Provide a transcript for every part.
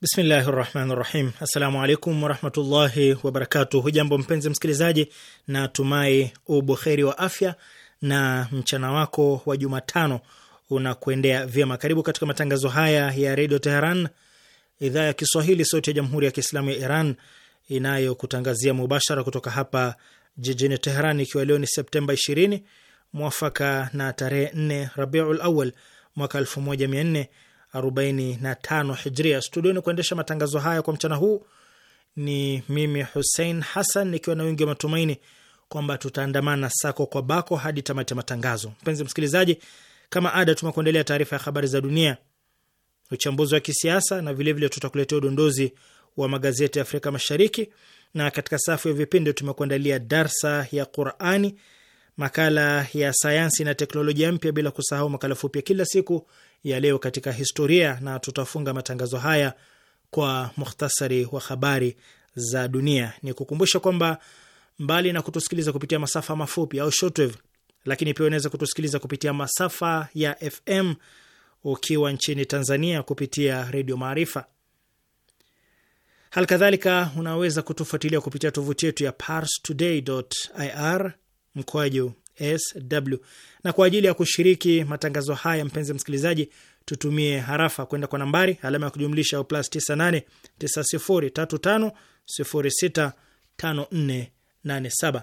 Bismillahi rahmani rahim. Assalamu alaikum warahmatullahi wabarakatuh. Hujambo mpenzi msikilizaji, na tumai ubuheri wa afya na mchana wako wa Jumatano unakuendea vyema. Karibu katika matangazo haya ya redio Teheran, idhaa ya Kiswahili, sauti ya jamhuri ya kiislamu ya Iran inayokutangazia mubashara kutoka hapa jijini Teheran, ikiwa leo ni Septemba 20 mwafaka na tarehe 4 Rabiul Awal mwaka nne 45 hijria. Studioni kuendesha matangazo haya kwa mchana huu ni mimi Hussein Hassan, nikiwa na wingi wa matumaini kwamba tutaandamana sako kwa bako hadi tamati ya matangazo. Mpenzi msikilizaji, kama ada, tumekuendelea taarifa ya habari za dunia, uchambuzi wa kisiasa na vilevile tutakuletea udondozi wa magazeti ya Afrika Mashariki, na katika safu ya vipindi tumekuandalia darsa ya Qurani, makala ya sayansi na teknolojia mpya, bila kusahau makala fupi ya kila siku ya leo katika historia, na tutafunga matangazo haya kwa muhtasari wa habari za dunia. Ni kukumbusha kwamba mbali na kutusikiliza kupitia masafa mafupi au shortwave, lakini pia unaweza kutusikiliza kupitia masafa ya FM ukiwa nchini Tanzania kupitia Redio Maarifa. Hali kadhalika unaweza kutufuatilia kupitia tovuti yetu ya parstoday.ir mkoaju sw. Na kwa ajili ya kushiriki matangazo haya, mpenzi msikilizaji, tutumie harafa kwenda kwa nambari alama ya kujumlisha plus 98 9035065487.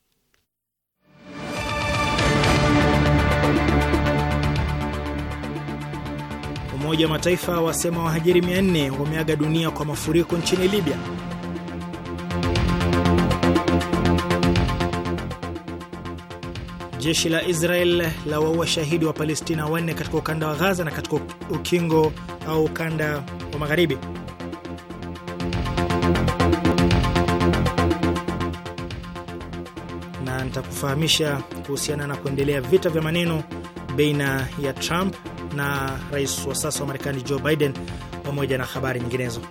Umoja wa Mataifa wasema wahajiri 400 wameaga dunia kwa mafuriko nchini Libya. Jeshi la Israel la waua shahidi wa Palestina wanne katika ukanda wa Gaza na katika ukingo au ukanda wa Magharibi. Na nitakufahamisha kuhusiana na kuendelea vita vya maneno baina ya Trump na rais wa sasa wa Marekani Joe Biden pamoja na habari nyinginezo.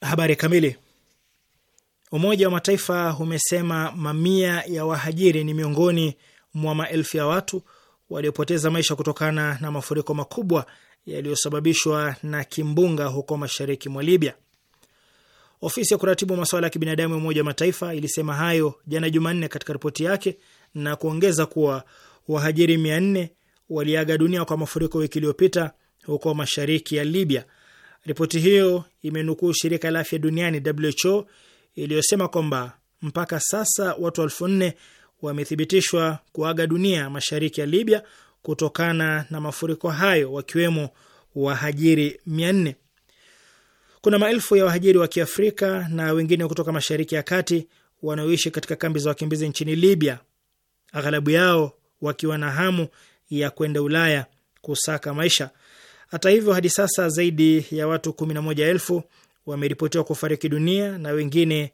Habari kamili. Umoja wa Mataifa umesema mamia ya wahajiri ni miongoni mwa maelfu ya watu waliopoteza maisha kutokana na mafuriko makubwa yaliyosababishwa na kimbunga huko mashariki mwa Libya. Ofisi ya kuratibu masuala ya kibinadamu ya Umoja wa Mataifa ilisema hayo jana Jumanne katika ripoti yake na kuongeza kuwa wahajiri mia nne waliaga dunia kwa mafuriko wiki iliyopita huko mashariki ya Libya. Ripoti hiyo imenukuu shirika la afya duniani WHO iliyosema kwamba mpaka sasa watu elfu nne wamethibitishwa kuaga dunia mashariki ya Libya kutokana na mafuriko hayo, wakiwemo wahajiri mia nne. Kuna maelfu ya wahajiri wa Kiafrika na wengine kutoka Mashariki ya Kati wanaoishi katika kambi za wakimbizi nchini Libya, aghalabu yao wakiwa na hamu ya kwenda Ulaya kusaka maisha. Hata hivyo, hadi sasa zaidi ya watu kumi na moja elfu wameripotiwa kufariki dunia na wengine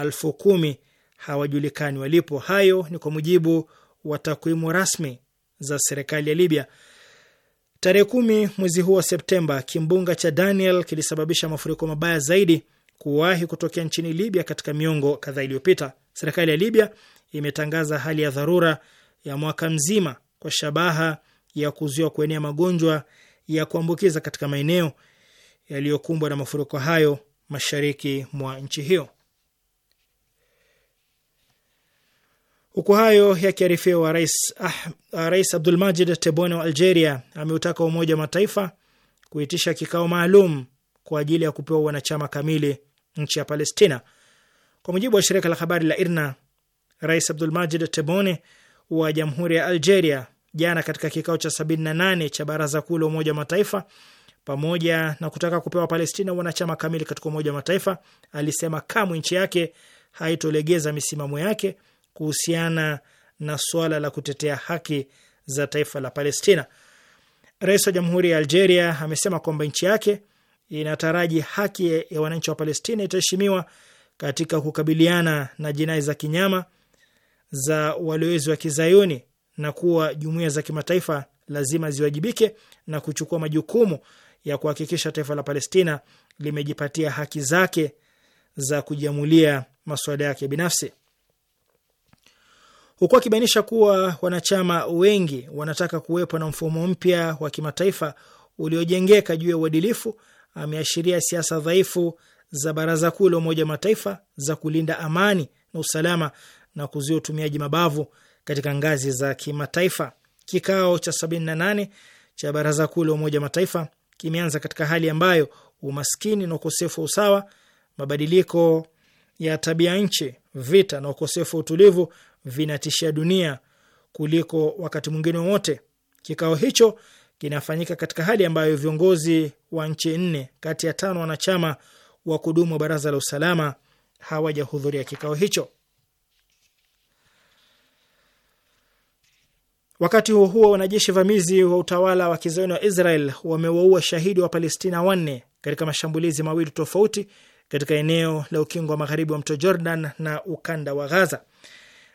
elfu kumi hawajulikani walipo. Hayo ni kwa mujibu wa takwimu rasmi za serikali ya Libya. Tarehe kumi mwezi huu wa Septemba, kimbunga cha Daniel kilisababisha mafuriko mabaya zaidi kuwahi kutokea nchini Libya katika miongo kadhaa iliyopita. Serikali ya Libya imetangaza hali ya dharura ya mwaka mzima kwa shabaha ya kuzuia kuenea magonjwa ya kuambukiza katika maeneo yaliyokumbwa na mafuriko hayo mashariki mwa nchi hiyo. Huku hayo yakiarifiwa, rais, ah, ah rais Abdulmajid Tebboune wa Algeria ameutaka Umoja wa Mataifa kuitisha kikao maalum kwa ajili ya kupewa wanachama kamili nchi ya Palestina. Kwa mujibu wa shirika la habari la IRNA, Rais Abdulmajid Tebboune wa Jamhuri ya Algeria jana katika kikao cha 78 cha Baraza Kuu la Umoja wa Mataifa, pamoja na kutaka kupewa Palestina wanachama kamili katika Umoja wa Mataifa, alisema kamwe nchi yake haitolegeza misimamo yake kuhusiana na suala la kutetea haki za taifa la Palestina. Rais wa Jamhuri ya Algeria amesema kwamba nchi yake inataraji haki ya wananchi wa Palestina itaheshimiwa katika kukabiliana na jinai za kinyama za walowezi wa kizayuni na kuwa jumuiya za kimataifa lazima ziwajibike na kuchukua majukumu ya kuhakikisha taifa la Palestina limejipatia haki zake za kujiamulia masuala yake binafsi huku akibainisha kuwa wanachama wengi wanataka kuwepo na mfumo mpya wa kimataifa uliojengeka juu ya uadilifu. Ameashiria siasa dhaifu za Baraza Kuu la Umoja wa Mataifa za kulinda amani na usalama na kuzuia utumiaji mabavu katika ngazi za kimataifa. Kikao cha 78 cha Baraza Kuu la Umoja wa Mataifa kimeanza katika hali ambayo umaskini na ukosefu wa usawa, mabadiliko ya tabia nchi, vita na ukosefu wa utulivu vinatishia dunia kuliko wakati mwingine wowote. Kikao hicho kinafanyika katika hali ambayo viongozi wa nchi nne kati ya tano wanachama wa kudumu wa baraza la usalama hawajahudhuria kikao hicho. Wakati huo huo, wanajeshi vamizi wa utawala wa kizayuni wa Israel wamewaua shahidi wa Palestina wanne katika mashambulizi mawili tofauti katika eneo la ukingo wa magharibi wa mto Jordan na ukanda wa Ghaza.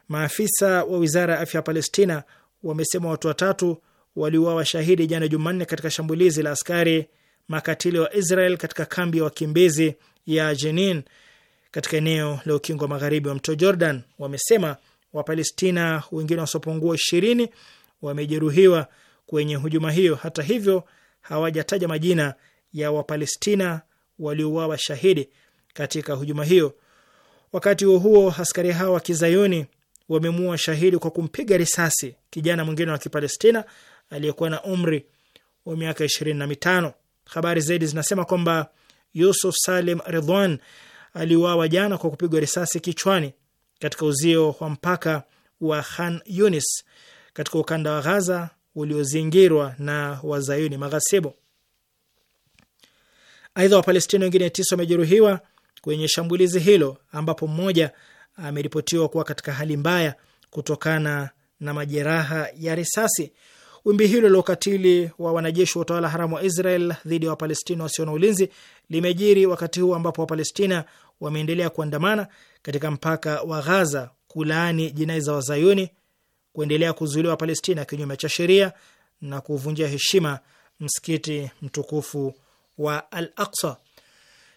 Maafisa wa wizara ya afya ya Palestina wamesema watu watatu waliuawa shahidi jana Jumanne katika shambulizi la askari makatili wa Israel katika kambi ya wa wakimbizi ya Jenin katika eneo la ukingo wa magharibi wa mto Jordan. Wamesema Wapalestina wengine wasiopungua ishirini wamejeruhiwa kwenye hujuma hiyo. Hata hivyo, hawajataja majina ya Wapalestina waliouawa shahidi katika hujuma hiyo. Wakati huo huo, askari hao wa kizayuni wamemua shahidi kwa kumpiga risasi kijana mwingine wa Kipalestina aliyekuwa na umri wa miaka ishirini na mitano. Habari zaidi zinasema kwamba Yusuf Salim Ridwan aliuawa jana kwa kupigwa risasi kichwani katika uzio wa mpaka wa Khan Yunis katika ukanda wa Ghaza uliozingirwa na wazayuni maghasibu. Aidha, Wapalestina wengine tisa wamejeruhiwa kwenye shambulizi hilo ambapo mmoja ameripotiwa kuwa katika hali mbaya kutokana na majeraha ya risasi. Wimbi hilo la ukatili wa wanajeshi wa utawala haramu wa Israel dhidi ya wa Wapalestina wasio na ulinzi limejiri wakati huu ambapo Wapalestina wameendelea kuandamana katika mpaka wa Ghaza kulaani jinai za Wazayuni, kuendelea kuzuiliwa Wapalestina kinyume cha sheria na kuvunjia heshima msikiti mtukufu wa Al Aksa.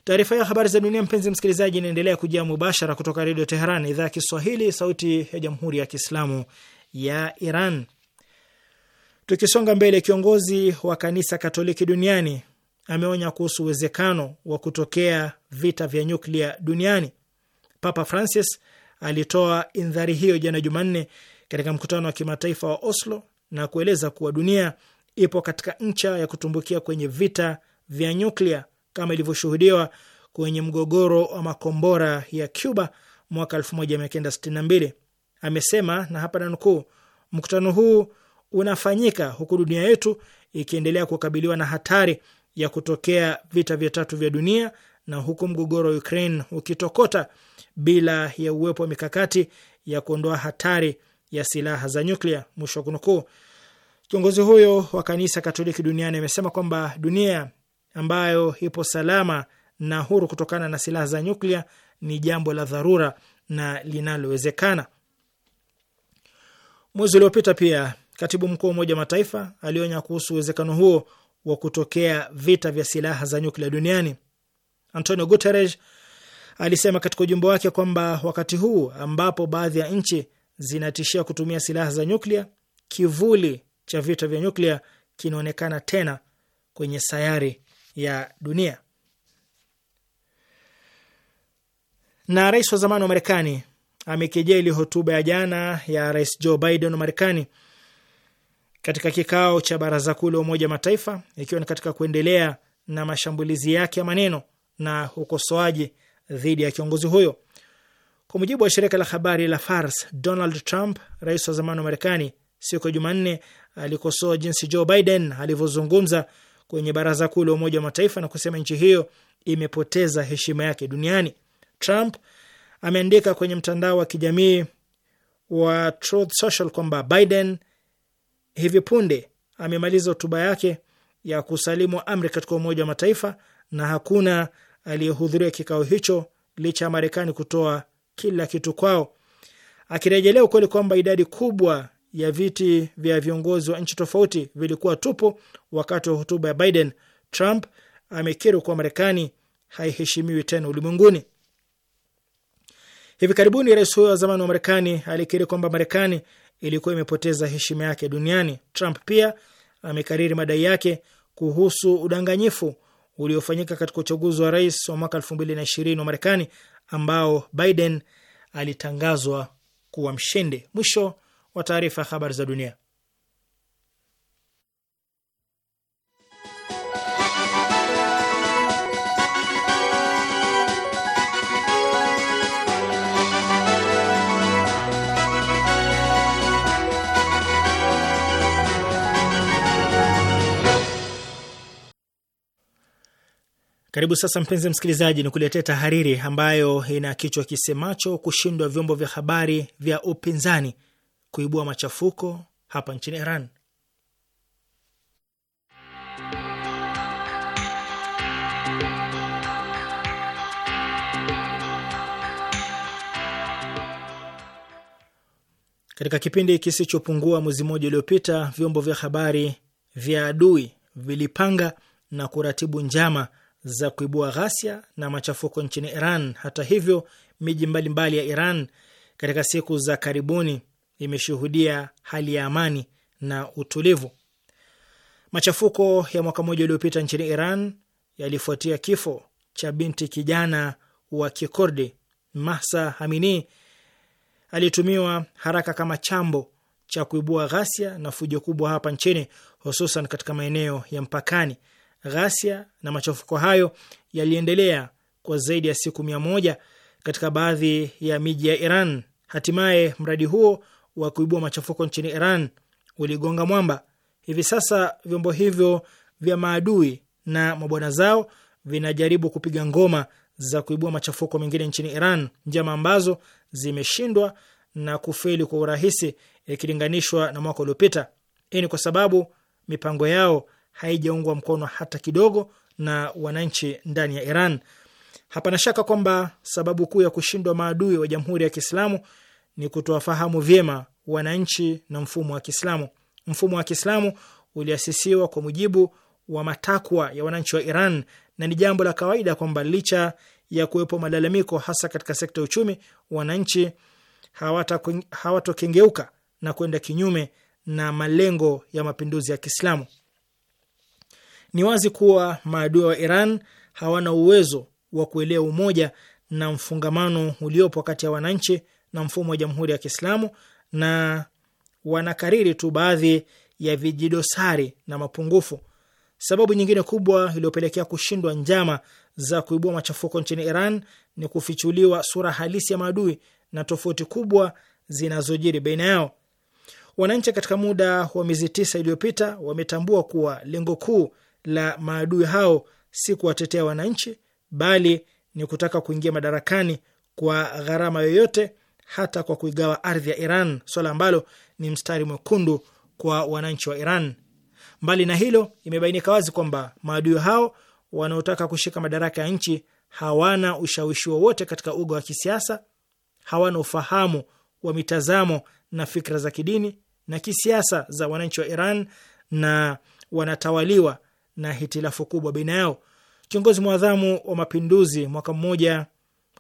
Taarifa ya habari za dunia, mpenzi msikilizaji, inaendelea kujia mubashara kutoka Redio Teheran, idhaa ya Kiswahili, sauti ya jamhuri ya kiislamu ya Iran. Tukisonga mbele, kiongozi wa kanisa Katoliki duniani ameonya kuhusu uwezekano wa kutokea vita vya nyuklia duniani. Papa Francis alitoa indhari hiyo jana Jumanne katika mkutano wa kimataifa wa Oslo na kueleza kuwa dunia ipo katika ncha ya kutumbukia kwenye vita vya nyuklia kama ilivyoshuhudiwa kwenye mgogoro wa makombora ya Cuba mwaka 1962. Amesema, na hapa nanukuu, mkutano huu unafanyika huku dunia yetu ikiendelea kukabiliwa na hatari ya kutokea vita vya tatu vya dunia na huku mgogoro wa Ukraine ukitokota bila ya uwepo wa mikakati ya kuondoa hatari ya silaha za nyuklia, mwisho wa kunukuu. Kiongozi huyo wa kanisa Katoliki duniani amesema kwamba dunia ambayo ipo salama na huru kutokana na silaha za nyuklia ni jambo la dharura na linalowezekana. Mwezi uliopita pia katibu mkuu wa Umoja wa Mataifa alionya kuhusu uwezekano huo wa kutokea vita vya silaha za nyuklia duniani. Antonio Guterres alisema katika ujumbe wake kwamba wakati huu ambapo baadhi ya nchi zinatishia kutumia silaha za nyuklia, kivuli cha vita vya nyuklia kinaonekana tena kwenye sayari ya dunia. Na rais wa zamani wa Marekani amekejeli hotuba ya jana ya rais Joe Biden wa Marekani katika kikao cha baraza kuu la Umoja Mataifa, ikiwa ni katika kuendelea na mashambulizi yake ya maneno na ukosoaji dhidi ya kiongozi huyo. Kwa mujibu wa shirika la habari la Fars, Donald Trump, rais wa zamani wa Marekani, siku ya Jumanne alikosoa jinsi Joe Biden alivyozungumza kwenye baraza kuu la Umoja wa Mataifa na kusema nchi hiyo imepoteza heshima yake duniani. Trump ameandika kwenye mtandao wa kijamii wa Truth Social kwamba Biden hivi punde amemaliza hotuba yake ya kusalimu amri katika Umoja wa Mataifa na hakuna aliyehudhuria kikao hicho licha ya Marekani kutoa kila kitu kwao, akirejelea ukweli kwamba idadi kubwa ya viti vya viongozi wa nchi tofauti vilikuwa tupu wakati wa hotuba ya Biden. Trump amekiri kuwa Marekani haiheshimiwi tena ulimwenguni. Hivi karibuni rais huyo wa zamani wa Marekani alikiri kwamba Marekani ilikuwa imepoteza heshima yake duniani. Trump pia amekariri madai yake kuhusu udanganyifu uliofanyika katika uchaguzi wa rais wa mwaka elfu mbili na ishirini wa Marekani ambao Biden alitangazwa kuwa mshindi. Mwisho wa taarifa ya habari za dunia. Karibu sasa, mpenzi msikilizaji, ni kuletea tahariri ambayo ina kichwa kisemacho kushindwa vyombo vya habari vya upinzani kuibua machafuko hapa nchini Iran. Katika kipindi kisichopungua mwezi mmoja uliopita, vyombo vya habari vya adui vilipanga na kuratibu njama za kuibua ghasia na machafuko nchini Iran. Hata hivyo, miji mbalimbali ya Iran katika siku za karibuni imeshuhudia hali ya amani na utulivu. Machafuko ya mwaka mmoja uliopita nchini Iran yalifuatia kifo cha binti kijana wa Kikurdi Mahsa Amini alitumiwa haraka kama chambo cha kuibua ghasia na fujo kubwa hapa nchini, hususan katika maeneo ya mpakani. Ghasia na machafuko hayo yaliendelea kwa zaidi ya siku mia moja katika baadhi ya miji ya Iran. Hatimaye mradi huo wa kuibua machafuko nchini Iran uligonga mwamba. Hivi sasa vyombo hivyo vya maadui na mabwana zao vinajaribu kupiga ngoma za kuibua machafuko mengine nchini Iran, njama ambazo zimeshindwa na kufeli kwa urahisi ikilinganishwa na mwaka uliopita. Hii ni kwa sababu mipango yao haijaungwa mkono hata kidogo na wananchi ndani ya Iran. Hapana shaka kwamba sababu kuu ya kushindwa maadui wa Jamhuri ya Kiislamu ni kutowafahamu vyema wananchi na mfumo wa Kiislamu. Mfumo wa Kiislamu uliasisiwa kwa mujibu wa matakwa ya wananchi wa Iran na ni jambo la kawaida kwamba licha ya kuwepo malalamiko hasa katika sekta ya uchumi, wananchi hawatokengeuka na kwenda kinyume na malengo ya mapinduzi ya Kiislamu. Ni wazi kuwa maadui wa Iran hawana uwezo wa kuelewa umoja na mfungamano uliopo kati ya wananchi na mfumo wa Jamhuri ya Kiislamu na wanakariri tu baadhi ya vijidosari na mapungufu. Sababu nyingine kubwa iliyopelekea kushindwa njama za kuibua machafuko nchini Iran ni kufichuliwa sura halisi ya maadui na tofauti kubwa zinazojiri baina yao. Wananchi katika muda wa miezi tisa iliyopita wametambua kuwa lengo kuu la maadui hao si kuwatetea wananchi, bali ni kutaka kuingia madarakani kwa gharama yoyote hata kwa kuigawa ardhi ya Iran, swala ambalo ni mstari mwekundu kwa wananchi wa Iran. Mbali na hilo, imebainika wazi kwamba maadui hao wanaotaka kushika madaraka ya nchi hawana ushawishi wowote katika uga wa kisiasa, hawana ufahamu wa mitazamo na fikra za kidini na kisiasa za wananchi wa Iran na wanatawaliwa na hitilafu kubwa baina yao. Kiongozi mwadhamu wa mapinduzi mwaka mmoja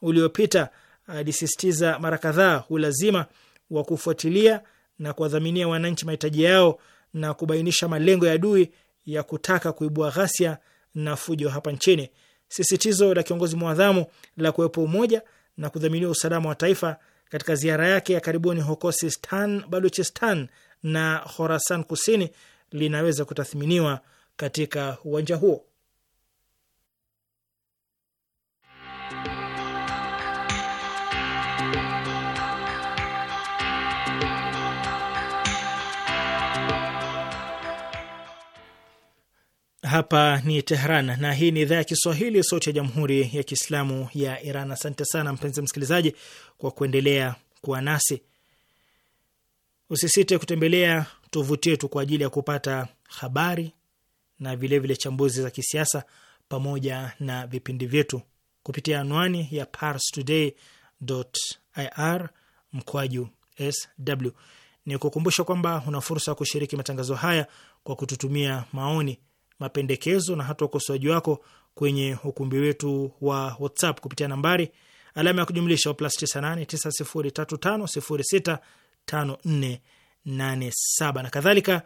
uliopita alisisitiza mara kadhaa ulazima wa kufuatilia na kuwadhaminia wananchi mahitaji yao na kubainisha malengo ya adui ya kutaka kuibua ghasia na fujo hapa nchini. Sisitizo la kiongozi mwadhamu la kuwepo umoja na kudhaminiwa usalama wa taifa katika ziara yake ya karibuni huko Sistan, Baluchistan na Khorasan Kusini linaweza kutathminiwa katika uwanja huo. Hapa ni Tehran na hii ni idhaa ya Kiswahili, sauti ya jamhuri ya kiislamu ya Iran. Asante sana mpenzi msikilizaji kwa kuendelea kuwa nasi. Usisite kutembelea tovuti yetu kwa ajili ya kupata habari na vilevile vile chambuzi za kisiasa pamoja na vipindi vyetu kupitia anwani ya parstoday.ir mkwaju sw. Ni kukumbusha kwamba una fursa ya kushiriki matangazo haya kwa kututumia maoni mapendekezo na hata ukosoaji wako kwenye ukumbi wetu wa WhatsApp kupitia nambari alama ya kujumlisha plus 989035065487 na kadhalika.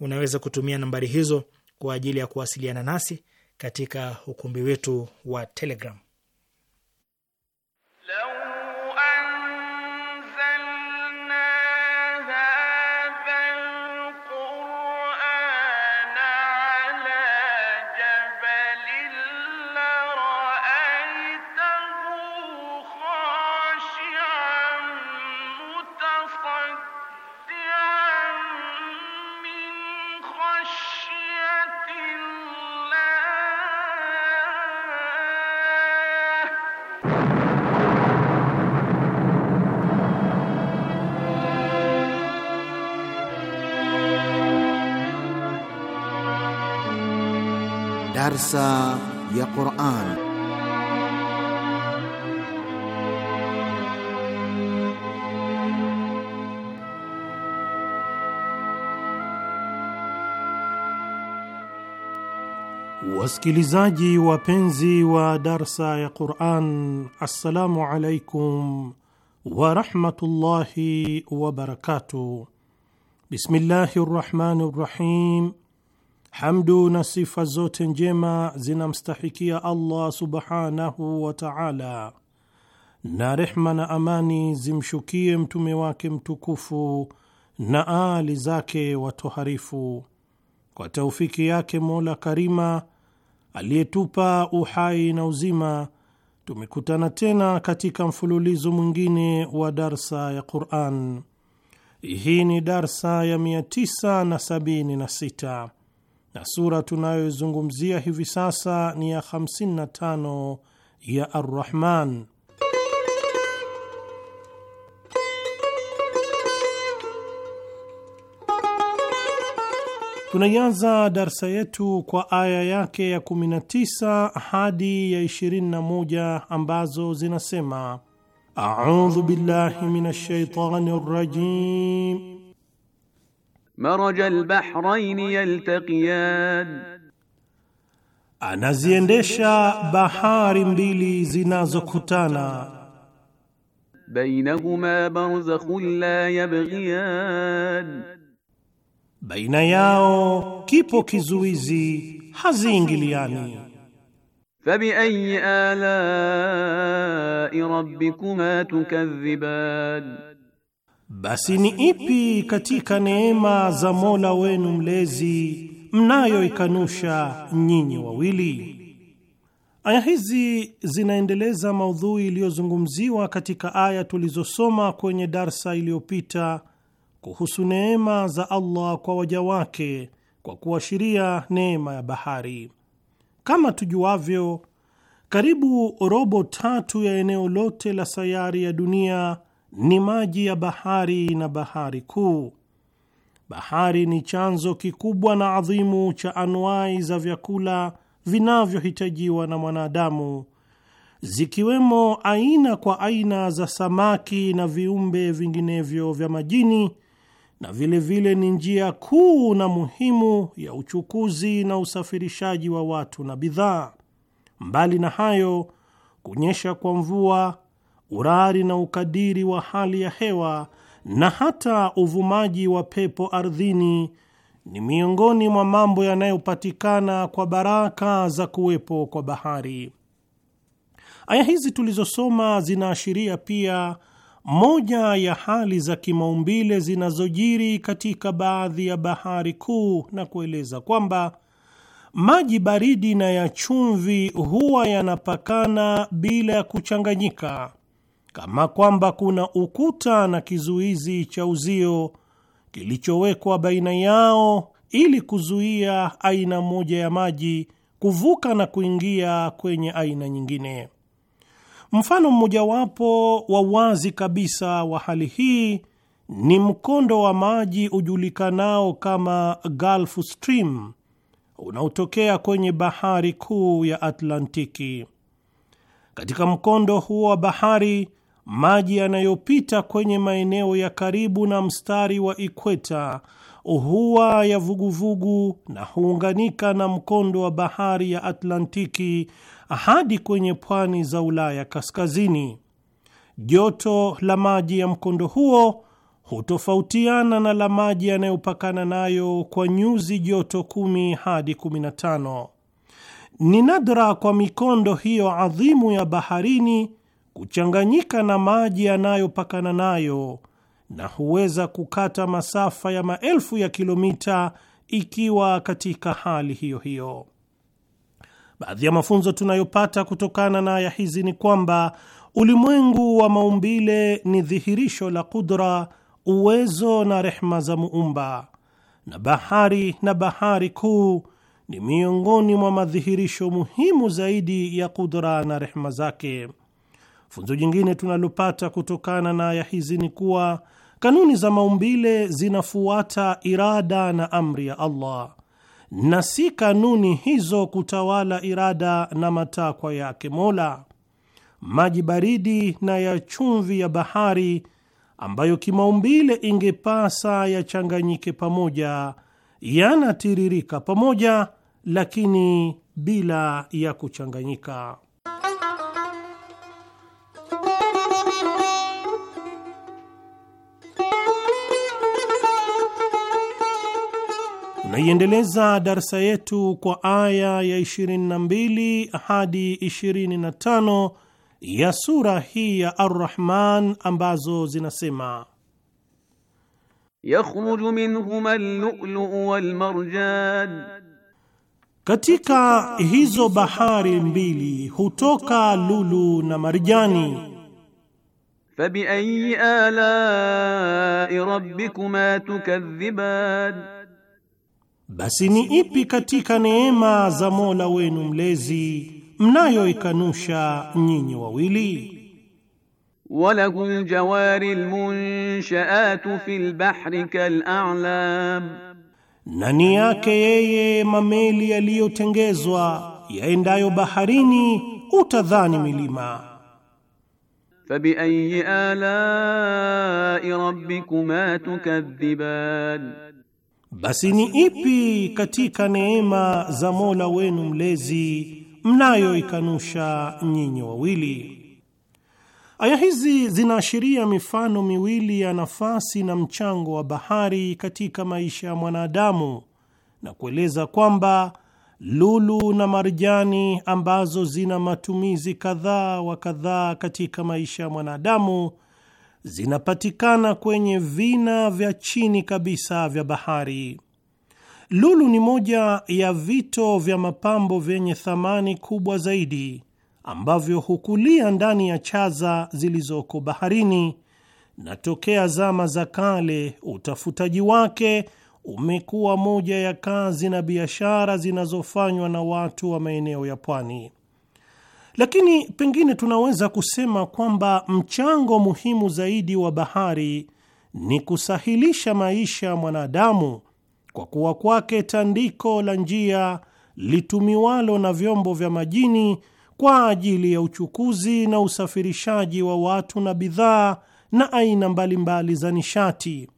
Unaweza kutumia nambari hizo kwa ajili ya kuwasiliana nasi katika ukumbi wetu wa Telegram. darsa ya Qur'an. Wasikilizaji wapenzi wa darsa ya Qur'an, assalamu alaikum wa rahmatullahi wa barakatuh. Bismillahir rahmanir rahim Hamdu na sifa zote njema zinamstahikia Allah subhanahu wa ta'ala, na rehma na amani zimshukie mtume wake mtukufu na aali zake watoharifu. Kwa taufiki yake Mola Karima aliyetupa uhai na uzima, tumekutana tena katika mfululizo mwingine wa darsa ya Qur'an. Hii ni darsa ya 976 na sura tunayozungumzia hivi sasa ni ya 55 ya arrahman Tunaianza darsa yetu kwa aya yake ya 19 hadi ya 21 ambazo zinasema: audhu billahi minash shaitani rajim مرج البحرين يلتقيان أنا أنزيندشا بحار بلي زنازو كتانا بينهما برزخ لا يبغيان بين ياو كيبو كيزويزي هزينجلياني فبأي آلاء ربكما تكذبان Basi ni ipi katika neema za Mola wenu mlezi mnayoikanusha nyinyi wawili? Aya hizi zinaendeleza maudhui iliyozungumziwa katika aya tulizosoma kwenye darsa iliyopita kuhusu neema za Allah kwa waja wake kwa kuashiria neema ya bahari. Kama tujuavyo, karibu robo tatu ya eneo lote la sayari ya dunia ni maji ya bahari na bahari kuu. Bahari ni chanzo kikubwa na adhimu cha anuai za vyakula vinavyohitajiwa na mwanadamu, zikiwemo aina kwa aina za samaki na viumbe vinginevyo vya majini, na vilevile vile ni njia kuu na muhimu ya uchukuzi na usafirishaji wa watu na bidhaa. Mbali na hayo, kunyesha kwa mvua urari na ukadiri wa hali ya hewa na hata uvumaji wa pepo ardhini ni miongoni mwa mambo yanayopatikana kwa baraka za kuwepo kwa bahari. Aya hizi tulizosoma zinaashiria pia moja ya hali za kimaumbile zinazojiri katika baadhi ya bahari kuu, na kueleza kwamba maji baridi na ya chumvi huwa yanapakana bila ya kuchanganyika kama kwamba kuna ukuta na kizuizi cha uzio kilichowekwa baina yao ili kuzuia aina moja ya maji kuvuka na kuingia kwenye aina nyingine. Mfano mmojawapo wa wazi kabisa wa hali hii ni mkondo wa maji ujulikanao kama Gulf Stream unaotokea kwenye bahari kuu ya Atlantiki. Katika mkondo huo wa bahari maji yanayopita kwenye maeneo ya karibu na mstari wa ikweta huwa ya vuguvugu na huunganika na mkondo wa bahari ya Atlantiki hadi kwenye pwani za Ulaya kaskazini. Joto la maji ya mkondo huo hutofautiana na la maji yanayopakana nayo kwa nyuzi joto kumi hadi 15. Ni nadra kwa mikondo hiyo adhimu ya baharini kuchanganyika na maji yanayopakana nayo na huweza kukata masafa ya maelfu ya kilomita ikiwa katika hali hiyo hiyo. Baadhi ya mafunzo tunayopata kutokana na aya hizi ni kwamba ulimwengu wa maumbile ni dhihirisho la kudra, uwezo na rehma za Muumba, na bahari na bahari kuu ni miongoni mwa madhihirisho muhimu zaidi ya kudra na rehma zake. Funzo jingine tunalopata kutokana na aya hizi ni kuwa kanuni za maumbile zinafuata irada na amri ya Allah na si kanuni hizo kutawala irada na matakwa yake Mola. Maji baridi na ya chumvi ya bahari ambayo kimaumbile ingepasa yachanganyike pamoja, yanatiririka pamoja, lakini bila ya kuchanganyika. Tunaiendeleza darsa yetu kwa aya ya 22 hadi 25 ya sura hii ya Ar-Rahman ambazo zinasema: yakhruju minhuma al-lu'lu'u wal-marjan, katika hizo bahari mbili hutoka lulu na marjani. Fabi ayyi ala'i rabbikuma tukadhiban basi ni ipi katika neema za Mola wenu mlezi mnayoikanusha nyinyi wawili? Walahu ljawari lmunshaatu fi lbahri kalalam, na ni yake yeye mameli yaliyotengezwa yaendayo baharini utadhani milima. Fabiayi alai rabbikuma tukadhiban basi ni ipi katika neema za Mola wenu mlezi mnayoikanusha nyinyi wawili? Aya hizi zinaashiria mifano miwili ya nafasi na mchango wa bahari katika maisha ya mwanadamu na kueleza kwamba lulu na marjani ambazo zina matumizi kadhaa wa kadhaa katika maisha ya mwanadamu zinapatikana kwenye vina vya chini kabisa vya bahari. Lulu ni moja ya vito vya mapambo vyenye thamani kubwa zaidi ambavyo hukulia ndani ya chaza zilizoko baharini, na tokea zama za kale utafutaji wake umekuwa moja ya kazi na biashara zinazofanywa na watu wa maeneo ya pwani lakini pengine tunaweza kusema kwamba mchango muhimu zaidi wa bahari ni kusahilisha maisha ya mwanadamu kwa kuwa kwake tandiko la njia litumiwalo na vyombo vya majini kwa ajili ya uchukuzi na usafirishaji wa watu na bidhaa na aina mbalimbali za nishati,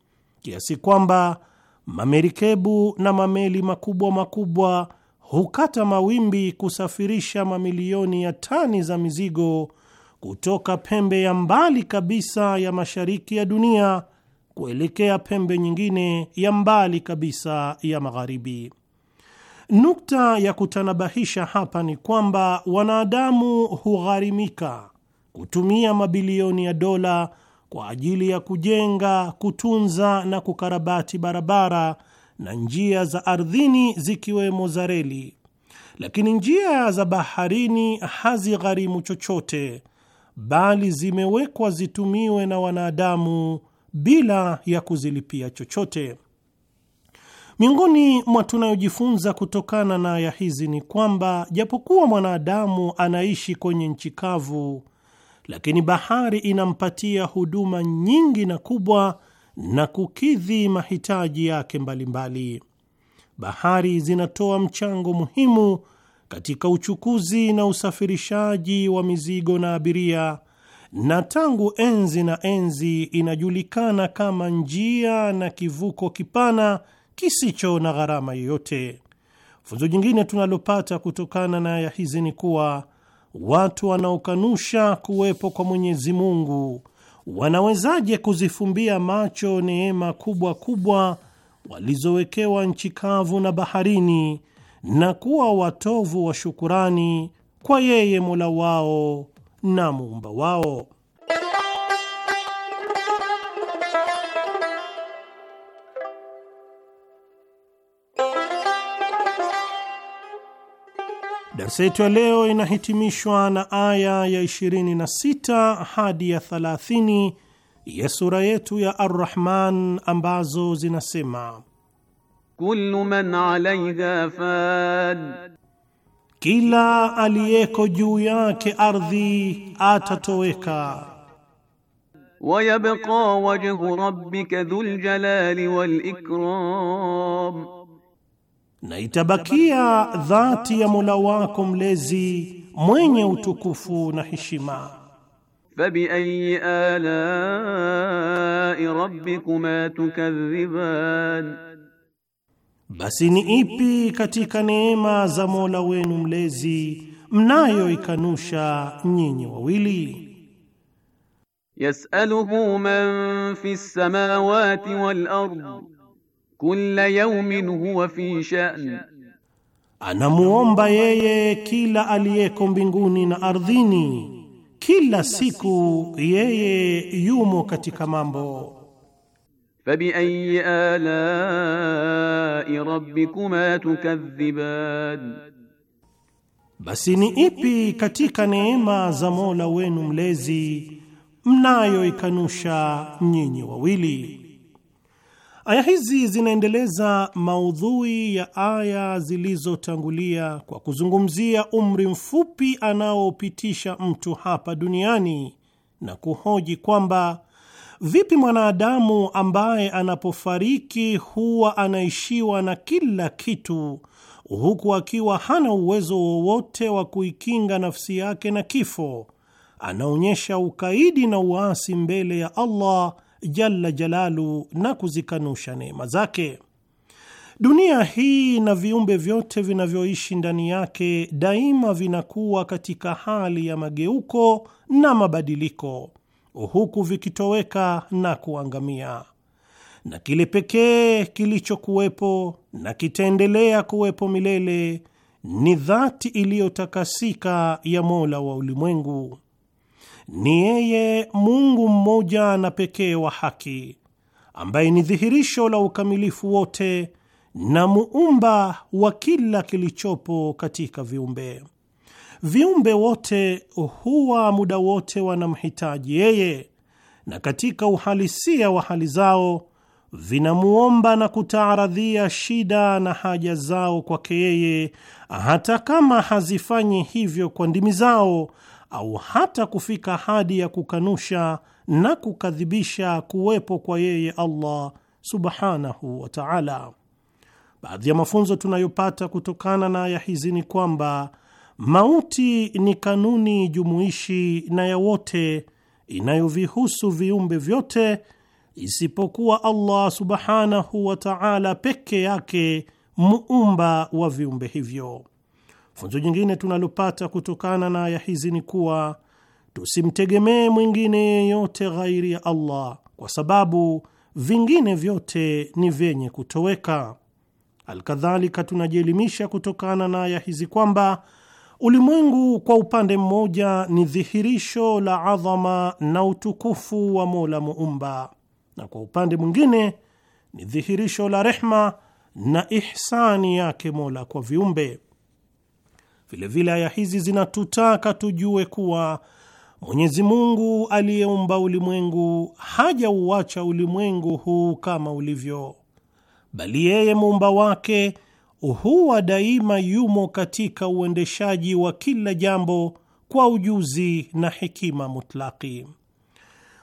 kiasi kwamba mamerikebu na mameli makubwa makubwa hukata mawimbi kusafirisha mamilioni ya tani za mizigo kutoka pembe ya mbali kabisa ya mashariki ya dunia kuelekea pembe nyingine ya mbali kabisa ya magharibi. Nukta ya kutanabahisha hapa ni kwamba wanadamu hugharimika kutumia mabilioni ya dola kwa ajili ya kujenga, kutunza na kukarabati barabara na njia za ardhini zikiwemo za reli, lakini njia za baharini hazigharimu chochote, bali zimewekwa zitumiwe na wanadamu bila ya kuzilipia chochote. Miongoni mwa tunayojifunza kutokana na aya hizi ni kwamba japokuwa mwanadamu anaishi kwenye nchi kavu, lakini bahari inampatia huduma nyingi na kubwa na kukidhi mahitaji yake mbalimbali. Bahari zinatoa mchango muhimu katika uchukuzi na usafirishaji wa mizigo na abiria, na tangu enzi na enzi inajulikana kama njia na kivuko kipana kisicho na gharama yoyote. Funzo jingine tunalopata kutokana na aya hizi ni kuwa watu wanaokanusha kuwepo kwa Mwenyezi Mungu wanawezaje kuzifumbia macho neema kubwa kubwa walizowekewa nchi kavu na baharini na kuwa watovu wa shukurani kwa yeye Mola wao na muumba wao. Darsa yetu ya leo inahitimishwa na aya ya 26 hadi ya 30 ya sura yetu ya arrahman ambazo zinasema: kullu man alayha fan, kila aliyeko juu yake ardhi atatoweka. Wayabqa wajhu rabbika dhul jalali wal ikram na itabakia dhati ya Mola wako mlezi mwenye utukufu na heshima. Fabi ayi alai rabbikuma tukadhiban, basi ni ipi katika neema za Mola wenu mlezi mnayoikanusha nyinyi wawili? Yasaluhu man fi samawati wal ardh kulla yaumin huwa fi sha'n, anamuomba yeye kila aliyeko mbinguni na ardhini, kila siku yeye yumo katika mambo. bi ayi alai rabbikuma tukadhiban, basi ni ipi katika neema za Mola wenu mlezi mnayoikanusha nyinyi wawili? Aya hizi zinaendeleza maudhui ya aya zilizotangulia kwa kuzungumzia umri mfupi anaopitisha mtu hapa duniani na kuhoji kwamba vipi mwanadamu ambaye anapofariki huwa anaishiwa na kila kitu huku akiwa hana uwezo wowote wa kuikinga nafsi yake na kifo, anaonyesha ukaidi na uasi mbele ya Allah jalla jalalu na kuzikanusha neema zake. Dunia hii na viumbe vyote vinavyoishi ndani yake daima vinakuwa katika hali ya mageuko na mabadiliko, huku vikitoweka na kuangamia, na kile pekee kilichokuwepo na kitaendelea kuwepo milele ni dhati iliyotakasika ya Mola wa ulimwengu ni yeye Mungu mmoja na pekee wa haki, ambaye ni dhihirisho la ukamilifu wote na muumba wa kila kilichopo katika viumbe. Viumbe wote huwa muda wote wanamhitaji yeye, na katika uhalisia wa hali zao vinamuomba na kutaaradhia shida na haja zao kwake yeye, hata kama hazifanyi hivyo kwa ndimi zao au hata kufika hadi ya kukanusha na kukadhibisha kuwepo kwa yeye Allah subhanahu wa ta'ala. Baadhi ya mafunzo tunayopata kutokana na aya hizi ni kwamba mauti ni kanuni jumuishi na ya wote inayovihusu viumbe vyote isipokuwa Allah subhanahu wa ta'ala peke yake muumba wa viumbe hivyo. Funzo jingine tunalopata kutokana na aya hizi ni kuwa tusimtegemee mwingine yeyote ghairi ya Allah, kwa sababu vingine vyote ni vyenye kutoweka. Alkadhalika, tunajielimisha kutokana na aya hizi kwamba ulimwengu kwa upande mmoja ni dhihirisho la adhama na utukufu wa Mola Muumba, na kwa upande mwingine ni dhihirisho la rehma na ihsani yake Mola kwa viumbe. Vilevile aya hizi zinatutaka tujue kuwa Mwenyezi Mungu aliyeumba ulimwengu hajauacha ulimwengu huu kama ulivyo, bali yeye muumba wake huwa daima yumo katika uendeshaji wa kila jambo kwa ujuzi na hekima mutlaki.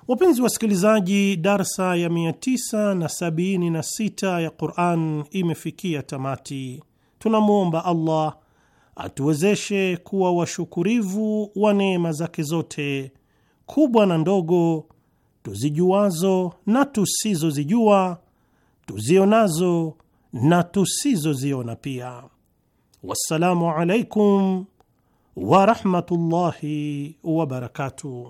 Wapenzi wasikilizaji, darsa ya 976 ya Quran imefikia tamati. Tunamwomba Allah atuwezeshe kuwa washukurivu wa neema zake zote kubwa na ndogo, tuzijuazo na tusizozijua, tuzionazo na tusizoziona pia. Wassalamu alaikum warahmatullahi wabarakatuh.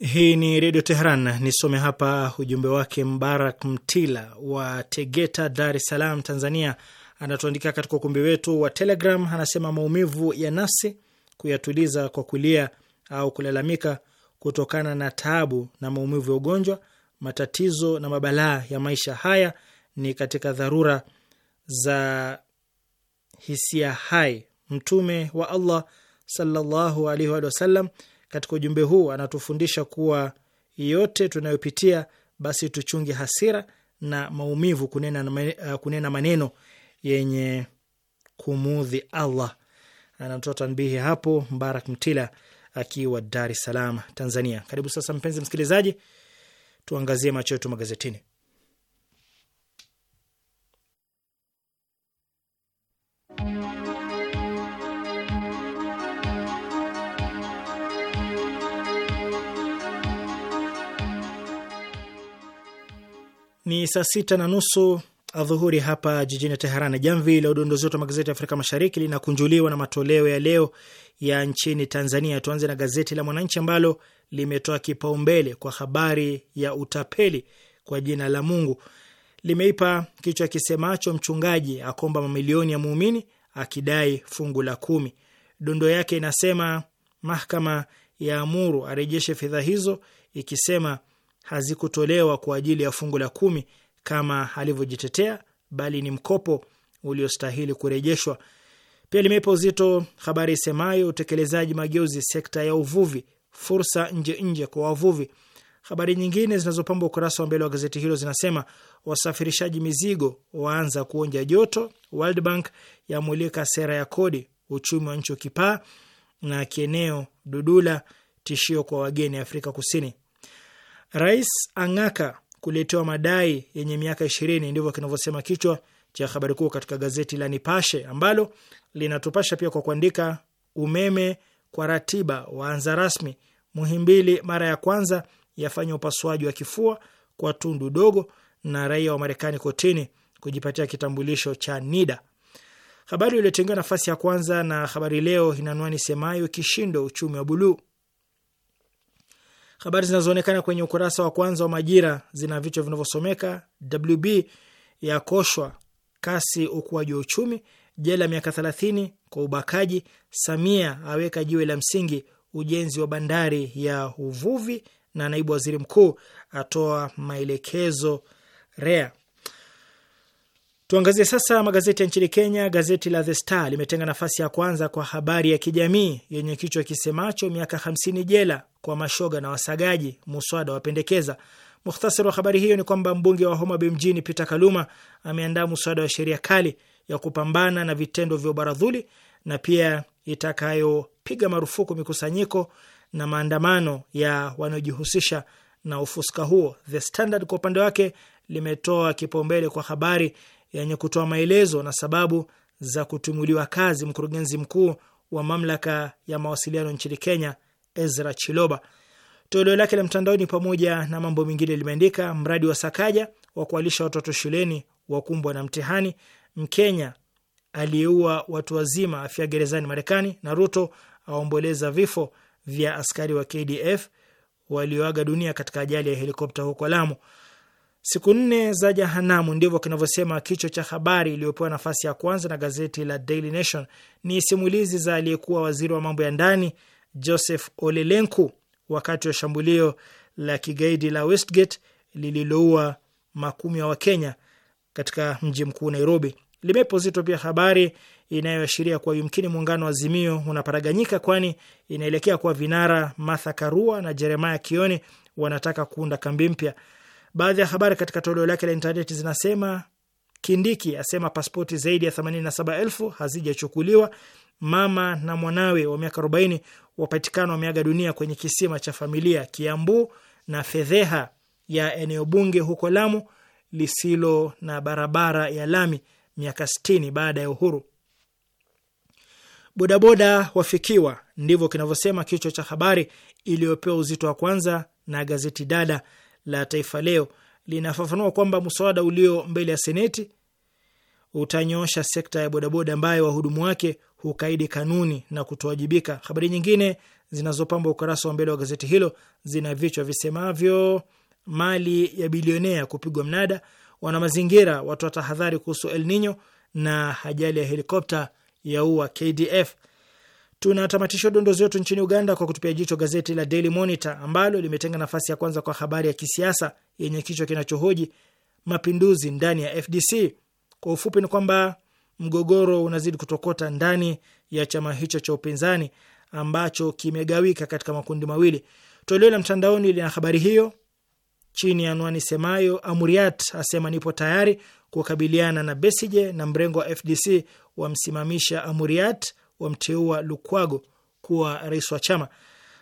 Hii ni Redio teheran Nisome hapa ujumbe wake. Mbarak Mtila wa Tegeta, Dar es Salaam, Tanzania, anatuandikia katika ukumbi wetu wa Telegram. Anasema maumivu ya nafsi kuyatuliza kwa kulia au kulalamika kutokana na taabu na maumivu ya ugonjwa, matatizo na mabalaa ya maisha haya ni katika dharura za hisia hai. Mtume wa Allah sallallahu alaihi wa sallam katika ujumbe huu anatufundisha kuwa yote tunayopitia, basi tuchunge hasira na maumivu, kunena uh, maneno yenye kumudhi Allah. Anatoa tanbihi hapo Mbarak Mtila akiwa Dar es Salaam, Tanzania. Karibu sasa, mpenzi msikilizaji, tuangazie macho yetu magazetini. Ni saa sita na nusu adhuhuri hapa jijini Teheran. Jamvi la udondozi wetu wa magazeti ya Afrika Mashariki linakunjuliwa na matoleo ya leo ya nchini Tanzania. Tuanze na gazeti la Mwananchi ambalo limetoa kipaumbele kwa habari ya utapeli kwa jina la Mungu. Limeipa kichwa kisemacho, mchungaji akomba mamilioni ya muumini akidai fungu la kumi. Dondo yake inasema mahakama ya amuru arejeshe fedha hizo, ikisema hazikutolewa kwa ajili ya fungu la kumi kama alivyojitetea, bali ni mkopo uliostahili kurejeshwa. Pia limepa uzito habari isemayo utekelezaji mageuzi sekta ya uvuvi, fursa nje nje kwa wavuvi. Habari nyingine zinazopamba ukurasa wa mbele wa gazeti hilo zinasema wasafirishaji mizigo waanza kuonja joto, World Bank yamulika sera ya kodi, uchumi wa nchi ukipaa, na kieneo dudula tishio kwa wageni Afrika Kusini. Rais ang'aka kuletewa madai yenye miaka ishirini. Ndivyo kinavyosema kichwa cha habari kuu katika gazeti la Nipashe ambalo linatupasha pia kwa kuandika umeme kwa ratiba waanza rasmi. Muhimbili mara ya kwanza yafanya upasuaji wa kifua kwa tundu dogo, na raia wa Marekani kotini kujipatia kitambulisho cha NIDA. Habari iliyotengewa nafasi ya kwanza na Habari Leo inanwani semayo kishindo uchumi wa buluu. Habari zinazoonekana kwenye ukurasa wa kwanza wa Majira zina vichwa vinavyosomeka WB ya koshwa kasi ukuaji wa uchumi, jela miaka thelathini kwa ubakaji, Samia aweka jiwe la msingi ujenzi wa bandari ya uvuvi, na naibu waziri mkuu atoa maelekezo REA. Tuangazie sasa magazeti ya nchini Kenya. Gazeti la The Star limetenga nafasi ya kwanza kwa habari ya kijamii yenye kichwa kisemacho miaka hamsini jela kwa mashoga na wasagaji, muswada wapendekeza. Mukhtasari wa habari hiyo ni kwamba mbunge wa Homa Bay mjini Peter Kaluma ameandaa muswada wa sheria kali ya kupambana na vitendo vya ubaradhuli na pia itakayopiga marufuku mikusanyiko na maandamano ya wanaojihusisha na ufuska huo. The Standard kwa upande wake limetoa kipaumbele kwa habari yenye kutoa maelezo na sababu za kutumuliwa kazi mkurugenzi mkuu wa mamlaka ya mawasiliano nchini Kenya Ezra Chiloba. Toleo lake la mtandaoni pamoja na mambo mengine limeandika mradi wa Sakaja wa kualisha watoto shuleni wakumbwa na mtihani, Mkenya aliyeua watu wazima afya gerezani Marekani, na Ruto aomboleza vifo vya askari wa KDF walioaga dunia katika ajali ya helikopta huko Lamu. Siku nne za jahanamu, ndivyo kinavyosema kichwa cha habari iliyopewa nafasi ya kwanza na gazeti la Daily Nation. Ni simulizi za aliyekuwa waziri wa mambo ya ndani Joseph Olelenku wakati wa shambulio la kigaidi la Westgate lililoua makumi ya wa Wakenya katika mji mkuu Nairobi. Limepo zito pia habari inayoashiria kuwa yumkini muungano wa Azimio unaparaganyika, kwani inaelekea kuwa vinara Martha Karua na Jeremiah Kioni wanataka kuunda kambi mpya. Baadhi ya habari katika toleo lake la intaneti zinasema Kindiki asema paspoti zaidi ya 87,000 hazijachukuliwa. Mama na mwanawe wa miaka 40 wapatikana wameaga dunia kwenye kisima cha familia Kiambu, na fedheha ya eneo bunge huko Lamu lisilo na barabara ya lami miaka sitini baada ya uhuru. Bodaboda wafikiwa, ndivyo kinavyosema kichwa cha habari iliyopewa uzito wa kwanza na gazeti dada la Taifa Leo. Linafafanua kwamba mswada ulio mbele ya Seneti utanyosha sekta ya bodaboda ambayo wahudumu wake hukaidi kanuni na kutowajibika. Habari nyingine zinazopamba ukurasa wa mbele wa gazeti hilo zina vichwa visemavyo: mali ya bilionea kupigwa mnada, wanamazingira watoa tahadhari kuhusu El Nino, na ajali ya helikopta yaua KDF. Tunatamatisha dondozi wetu nchini Uganda kwa kutupia jicho gazeti la Daily Monitor ambalo limetenga nafasi ya kwanza kwa habari ya kisiasa yenye kichwa kinachohoji mapinduzi ndani ya FDC. Kwa ufupi ni kwamba mgogoro unazidi kutokota ndani ya chama hicho cha upinzani ambacho kimegawika katika makundi mawili. Toleo la mtandaoni lina habari hiyo chini ya anwani semayo, Amuriat asema nipo tayari kukabiliana na Besije na mrengo wa FDC wamsimamisha Amuriat, wamteua Lukwago kuwa rais wa chama.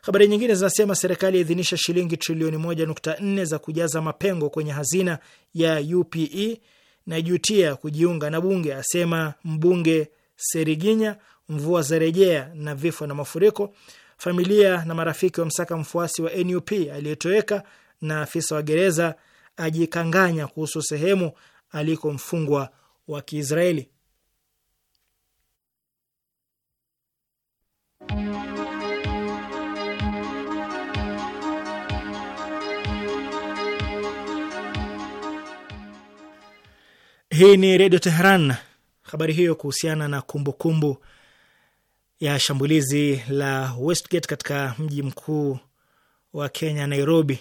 Habari nyingine zinasema serikali yaidhinisha shilingi trilioni moja nukta nne za kujaza mapengo kwenye hazina ya UPE najutia kujiunga na bunge, asema mbunge Seriginya. Mvua za rejea na vifo na mafuriko. Familia na marafiki wa msaka mfuasi wa NUP aliyetoweka, na afisa wa gereza ajikanganya kuhusu sehemu aliko mfungwa wa Kiisraeli. Hii ni Redio Teheran. Habari hiyo kuhusiana na kumbukumbu kumbu ya shambulizi la Westgate katika mji mkuu wa Kenya, Nairobi.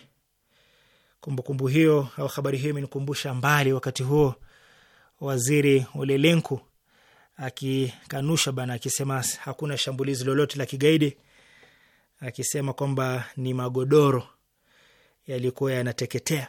Kumbukumbu kumbu hiyo au habari hiyo imenikumbusha mbali, wakati huo waziri Ulelenku akikanusha bana, akisema hakuna shambulizi lolote la kigaidi, akisema kwamba ni magodoro yalikuwa yanateketea.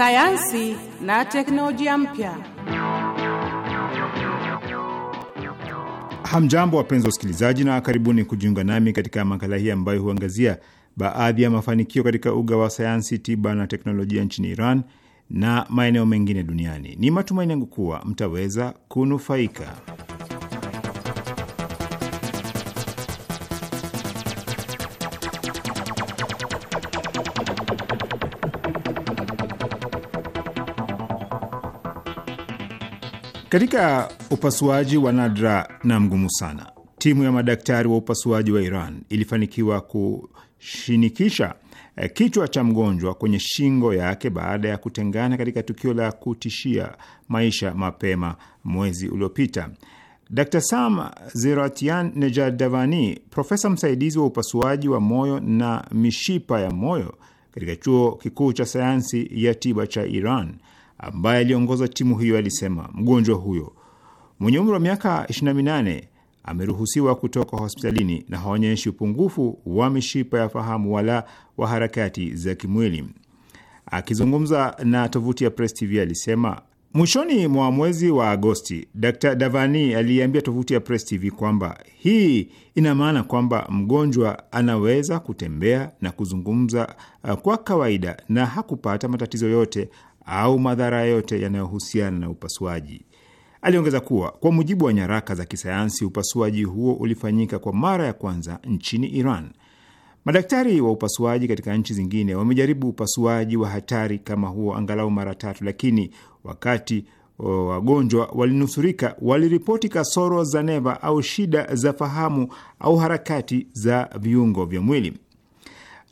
sayansi na teknolojia mpya. Hamjambo, wapenzi wa usikilizaji, na karibuni kujiunga nami katika makala hii ambayo huangazia baadhi ya mafanikio katika uga wa sayansi, tiba na teknolojia nchini Iran na maeneo mengine duniani. Ni matumaini yangu kuwa mtaweza kunufaika. Katika upasuaji wa nadra na mgumu sana, timu ya madaktari wa upasuaji wa Iran ilifanikiwa kushinikisha eh, kichwa cha mgonjwa kwenye shingo yake baada ya kutengana katika tukio la kutishia maisha mapema mwezi uliopita. Dr Sam Zeratian Nejadavani, profesa msaidizi wa upasuaji wa moyo na mishipa ya moyo katika chuo kikuu cha sayansi ya tiba cha Iran, ambaye aliongoza timu hiyo alisema mgonjwa huyo mwenye umri wa miaka 28 ameruhusiwa kutoka hospitalini na haonyeshi upungufu wa mishipa ya fahamu wala wa harakati za kimwili. Akizungumza na tovuti ya Press TV alisema mwishoni mwa mwezi wa Agosti, Dr Davani aliambia tovuti ya Press TV kwamba hii ina maana kwamba mgonjwa anaweza kutembea na kuzungumza uh, kwa kawaida na hakupata matatizo yote au madhara yote yanayohusiana na upasuaji. Aliongeza kuwa kwa mujibu wa nyaraka za kisayansi, upasuaji huo ulifanyika kwa mara ya kwanza nchini Iran. Madaktari wa upasuaji katika nchi zingine wamejaribu upasuaji wa hatari kama huo angalau mara tatu, lakini wakati wagonjwa walinusurika waliripoti kasoro za neva au shida za fahamu au harakati za viungo vya mwili.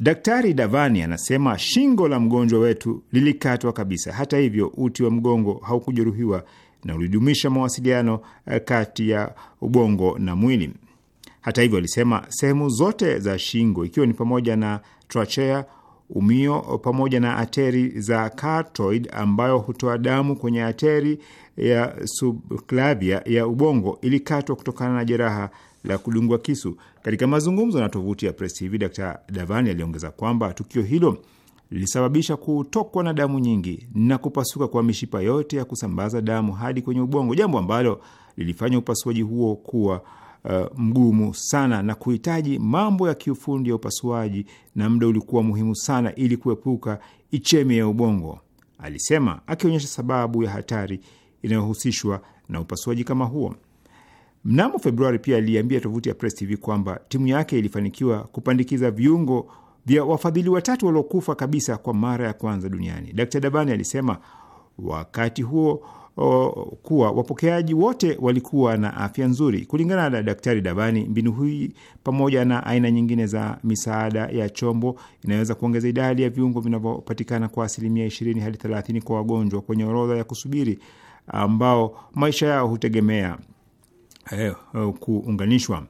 Daktari Davani anasema shingo la mgonjwa wetu lilikatwa kabisa. Hata hivyo, uti wa mgongo haukujeruhiwa na ulidumisha mawasiliano eh, kati ya ubongo na mwili. Hata hivyo, alisema sehemu zote za shingo ikiwa ni pamoja na trachea, umio pamoja na ateri za carotid ambayo hutoa damu kwenye ateri ya subclavia ya ubongo ilikatwa kutokana na jeraha la kudungwa kisu. Katika mazungumzo na tovuti ya Press TV, Dr Davani aliongeza kwamba tukio hilo lilisababisha kutokwa na damu nyingi na kupasuka kwa mishipa yote ya kusambaza damu hadi kwenye ubongo, jambo ambalo lilifanya upasuaji huo kuwa uh, mgumu sana na kuhitaji mambo ya kiufundi ya upasuaji, na muda ulikuwa muhimu sana ili kuepuka ichemi ya ubongo, alisema, akionyesha sababu ya hatari inayohusishwa na upasuaji kama huo. Mnamo Februari pia aliambia tovuti ya Press TV kwamba timu yake ilifanikiwa kupandikiza viungo vya wafadhili watatu waliokufa kabisa kwa mara ya kwanza duniani. Dr Dabani alisema wakati huo o, kuwa wapokeaji wote walikuwa na afya nzuri. Kulingana na Daktari Dabani, mbinu hii pamoja na aina nyingine za misaada ya chombo inaweza kuongeza idadi ya viungo vinavyopatikana kwa asilimia 20 hadi 30 kwa wagonjwa kwenye orodha ya kusubiri ambao maisha yao hutegemea eh, kuunganishwa.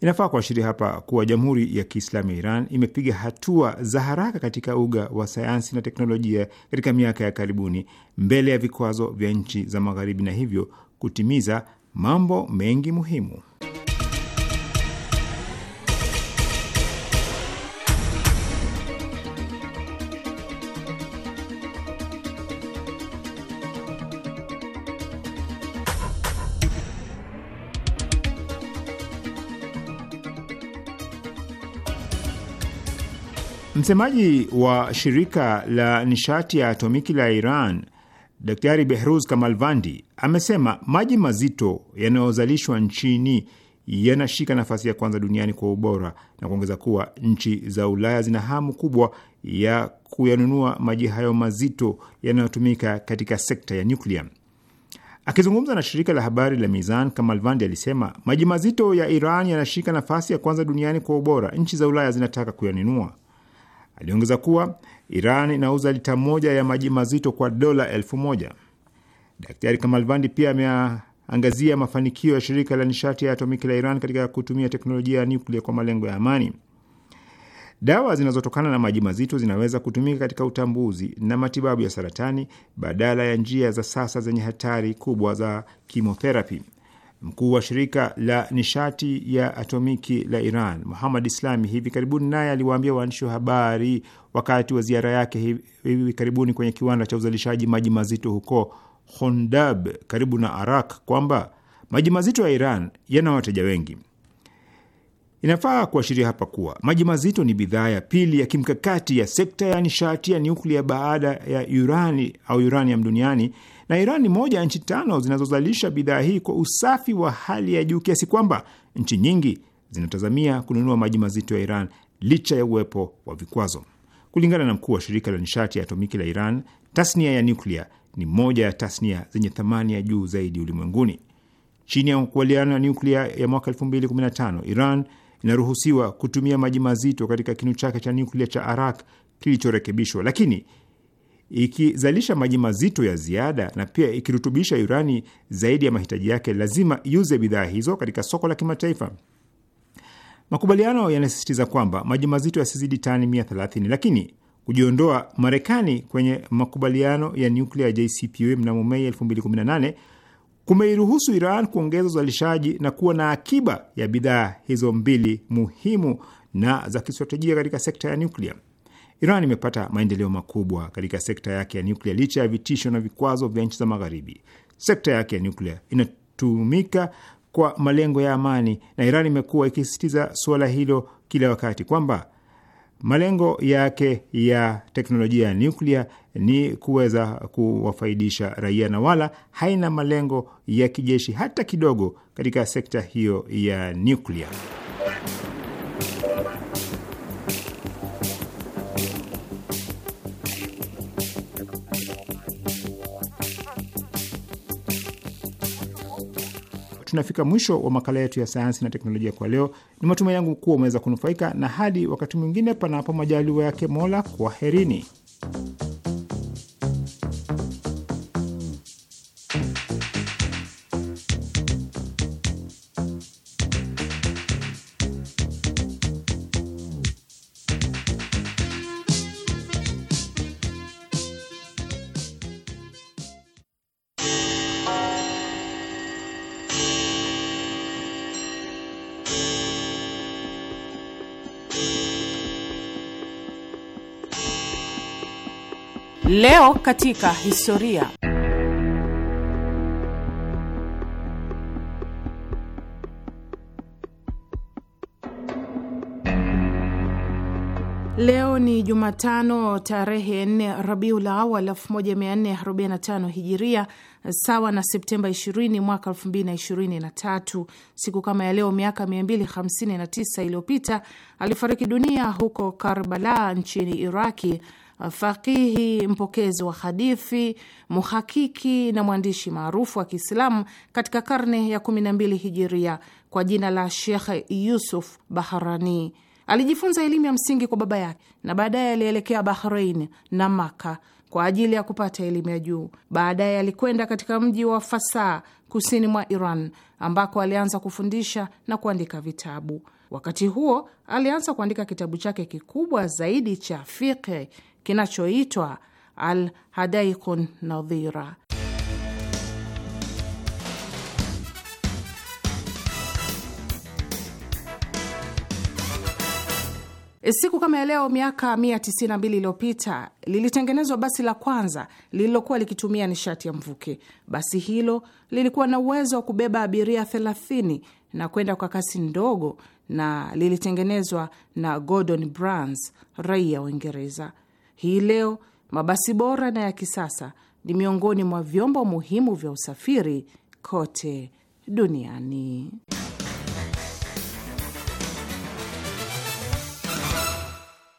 Inafaa kuashiria hapa kuwa Jamhuri ya Kiislamu ya Iran imepiga hatua za haraka katika uga wa sayansi na teknolojia katika miaka ya karibuni mbele ya vikwazo vya nchi za Magharibi na hivyo kutimiza mambo mengi muhimu. Msemaji wa shirika la nishati ya atomiki la Iran Daktari Behruz Kamalvandi amesema maji mazito yanayozalishwa nchini yanashika nafasi ya kwanza duniani kwa ubora na kuongeza kuwa nchi za Ulaya zina hamu kubwa ya kuyanunua maji hayo mazito yanayotumika katika sekta ya nyuklia. Akizungumza na shirika la habari la Mizan, Kamalvandi alisema maji mazito ya Iran yanashika nafasi ya kwanza duniani kwa ubora, nchi za Ulaya zinataka kuyanunua. Aliongeza kuwa Iran inauza lita moja ya maji mazito kwa dola elfu moja. Daktari Kamalvandi pia ameangazia mafanikio ya shirika la nishati ya atomiki la Iran katika kutumia teknolojia ya nuklia kwa malengo ya amani. Dawa zinazotokana na maji mazito zinaweza kutumika katika utambuzi na matibabu ya saratani badala ya njia za sasa zenye hatari kubwa za kimotherapy Mkuu wa shirika la nishati ya atomiki la Iran Muhammad Islami hivi karibuni naye aliwaambia waandishi wa habari wakati wa ziara yake hivi karibuni kwenye kiwanda cha uzalishaji maji mazito huko Hondab karibu na Arak kwamba maji mazito ya Iran yana wateja wengi. Inafaa kuashiria hapa kuwa maji mazito ni bidhaa ya pili ya kimkakati ya sekta ya nishati ya nyuklia baada ya urani au uranium duniani na Iran ni moja ya nchi tano zinazozalisha bidhaa hii kwa usafi wa hali ya juu kiasi kwamba nchi nyingi zinatazamia kununua maji mazito ya Iran licha ya uwepo wa vikwazo. Kulingana na mkuu wa shirika la nishati ya atomiki la Iran, tasnia ya nuklia ni moja ya tasnia zenye thamani ya juu zaidi ulimwenguni. Chini ya makubaliano ya nyuklia ya mwaka 2015 Iran inaruhusiwa kutumia maji mazito katika kinu chake cha nuklia cha Arak kilichorekebishwa, lakini ikizalisha maji mazito ya ziada na pia ikirutubisha urani zaidi ya mahitaji yake, lazima iuze bidhaa hizo katika soko la kimataifa. Makubaliano yanasisitiza kwamba maji mazito yasizidi tani thelathini, lakini kujiondoa Marekani kwenye makubaliano ya nuklia ya JCPOA mnamo Mei 2018 kumeiruhusu Iran kuongeza uzalishaji na kuwa na akiba ya bidhaa hizo mbili muhimu na za kistratejia katika sekta ya nuklia. Iran imepata maendeleo makubwa katika sekta yake ya nyuklia licha ya vitisho na vikwazo vya nchi za Magharibi. Sekta yake ya nyuklia inatumika kwa malengo ya amani, na Iran imekuwa ikisisitiza suala hilo kila wakati kwamba malengo yake ya teknolojia ya nyuklia ni kuweza kuwafaidisha raia na wala haina malengo ya kijeshi hata kidogo katika sekta hiyo ya nyuklia. tunafika mwisho wa makala yetu ya sayansi na teknolojia kwa leo. Ni matumai yangu kuwa umeweza kunufaika, na hadi wakati mwingine, panapo majaliwa yake Mola, kwaherini. Leo katika historia. Leo ni Jumatano tarehe 4 Rabiul Awal 1445 Hijiria, sawa na Septemba 20 mwaka 2023. Siku kama ya leo miaka 259 iliyopita alifariki dunia huko Karbala nchini Iraki fakihi mpokezi wa hadithi, muhakiki na mwandishi maarufu wa Kiislamu katika karne ya 12 hijiria kwa jina la Shekh Yusuf Baharani. Alijifunza elimu ya msingi kwa baba yake na baadaye alielekea Bahrein na Maka kwa ajili ya kupata elimu ya juu. Baadaye alikwenda katika mji wa Fasaa kusini mwa Iran ambako alianza kufundisha na kuandika vitabu. Wakati huo alianza kuandika kitabu chake kikubwa zaidi cha fiqh kinachoitwa Al Hadaikun Nadhira. Siku kama ya leo miaka 192 iliyopita lilitengenezwa basi la kwanza lililokuwa likitumia nishati ya mvuke. Basi hilo lilikuwa na uwezo wa kubeba abiria 30 na kwenda kwa kasi ndogo, na lilitengenezwa na Gordon Brans, raia wa Uingereza. Hii leo mabasi bora na ya kisasa ni miongoni mwa vyombo muhimu vya usafiri kote duniani.